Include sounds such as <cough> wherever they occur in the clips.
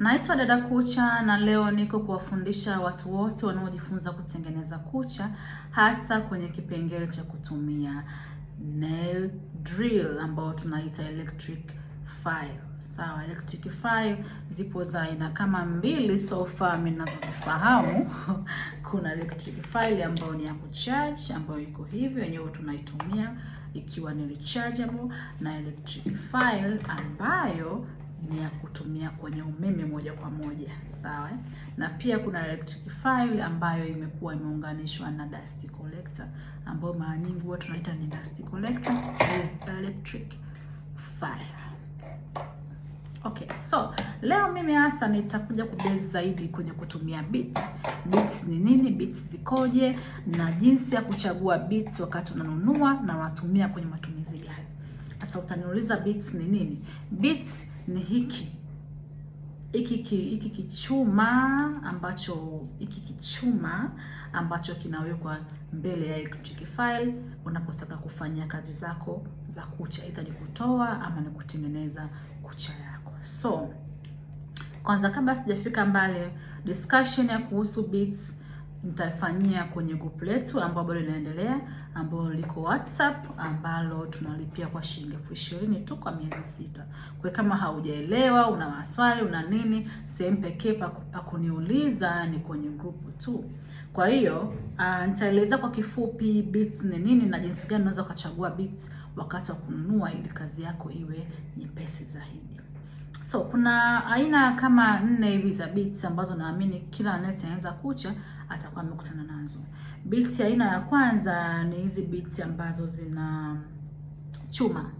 Naitwa Dada Kucha na leo niko kuwafundisha watu wote wanaojifunza kutengeneza kucha hasa kwenye kipengele cha kutumia nail drill ambayo tunaita electric file. Sawa, electric file zipo za aina kama mbili so far mimi ninazozifahamu. <laughs> Kuna electric file ambayo ni ya kucharge ambayo iko hivi, wenyewe tunaitumia ikiwa ni rechargeable na electric file ambayo ni ya kutumia kwenye umeme moja kwa moja, sawa. Na pia kuna electric file ambayo imekuwa imeunganishwa na dust collector, ambayo mara nyingi huwa tunaita ni dust collector electric file. Okay, so leo mimi hasa nitakuja kubezi zaidi kwenye kutumia bits. Bits ni nini? Bits zikoje? Na jinsi ya kuchagua bits wakati unanunua na unatumia kwenye matumizi gani? Sasa utaniuliza bits ni nini? Bits ni hiki hiki kichuma ambacho hiki kichuma ambacho kinawekwa mbele ya electric file unapotaka kufanya kazi zako za kucha, aidha ni kutoa ama ni kutengeneza kucha yako. So kwanza, kabla sijafika mbali discussion ya kuhusu beads nitafanyia kwenye grupu letu ambalo bado linaendelea, ambalo liko WhatsApp, ambalo tunalipia kwa shilingi elfu ishirini tu kwa miezi sita. Kwa kama haujaelewa, una maswali, una nini, sehemu pekee pa kuniuliza ni kwenye group tu. Kwa hiyo uh, nitaeleza kwa kifupi bits ni nini na jinsi gani unaweza ukachagua bits wakati wa kununua ili kazi yako iwe nyepesi zaidi. So kuna aina kama nne hivi za beads ambazo naamini kila anayetengeneza kucha atakuwa amekutana nazo. ya aina ya kwanza ni hizi beads ambazo zina chuma.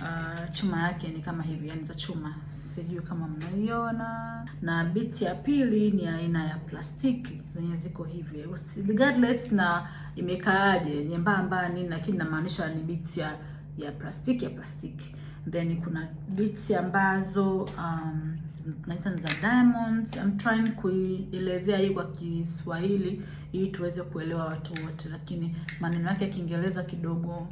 Uh, chuma yake ni kama hivi, yani za chuma, sijui kama mnaiona. Na biti ya pili ni aina ya plastiki zenye ziko hivi, regardless na imekaaje nyembamba nini, lakini namaanisha ni biti ya, ya plastiki ya plastiki then kuna bits ambazo um, naita za diamonds. I'm trying kuielezea hii kwa Kiswahili ili tuweze kuelewa watu wote, lakini maneno yake ya Kiingereza kidogo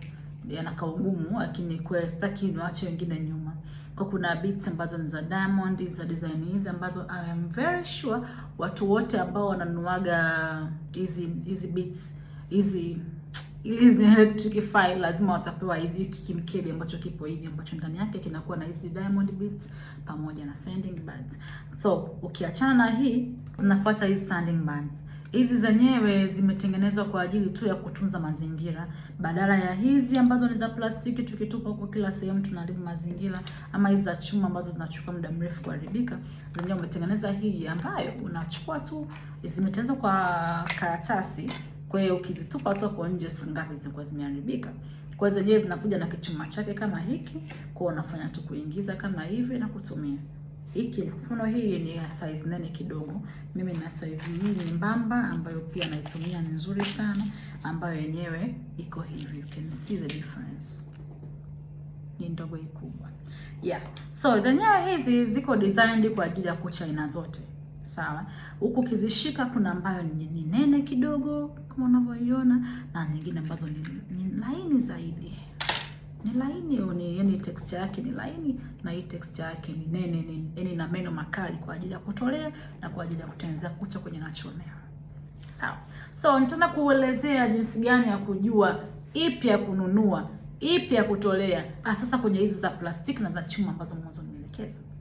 yanaka ugumu, lakini kwa sitaki niwaache wengine nyuma. Kwa kuna bits ambazo ni za diamond, za design hizi ambazo I am very sure watu wote ambao wananuaga hizi hizi bits hizi ili zirectify lazima watapewa hizi kimkebe ambacho kipo hivi ambacho ndani yake kinakuwa na hizi diamond beads pamoja na sanding bands. So ukiachana hii tunafuata hizi sanding bands. Hizi zenyewe zimetengenezwa kwa ajili tu ya kutunza mazingira, badala ya hizi ambazo ni za plastiki tukitupa kwa kila sehemu tunaharibu mazingira, ama hizi za chuma ambazo zinachukua muda mrefu kuharibika. Zenyewe umetengeneza hii ambayo unachukua tu, zimetengenezwa kwa karatasi kwa hiyo ukizitupa kwa nje siku ngapi zinakuwa zimeharibika. Kwa hiyo zenyewe zinakuja na kichuma chake kama hiki, kwa unafanya tu kuingiza kama hivi na kutumia. Hiki mfano hii ni ya size nene kidogo. Mimi na size nyingi mbamba ambayo pia naitumia ni nzuri sana ambayo yenyewe iko hivi. You can see the difference. Ni ndogo ikubwa. Yeah. So zenyewe hizi ziko designed kwa ajili ya kucha aina zote sawa. Huku ukizishika kuna ambayo ni nene kidogo kama unavyoiona na nyingine ambazo ni, ni laini zaidi ni laini, yani texture yake ni laini na hii texture yake ni nene, ni yani na meno makali kwa ajili ya kutolea na kwa ajili ya kutengeneza kucha kwenye nachomea. Sawa, so nitaenda kuelezea jinsi gani ya kujua ipi ya kununua ipi ya kutolea, sasa kwenye hizi za plastiki na za chuma ambazo mwanzo nimeelekeza.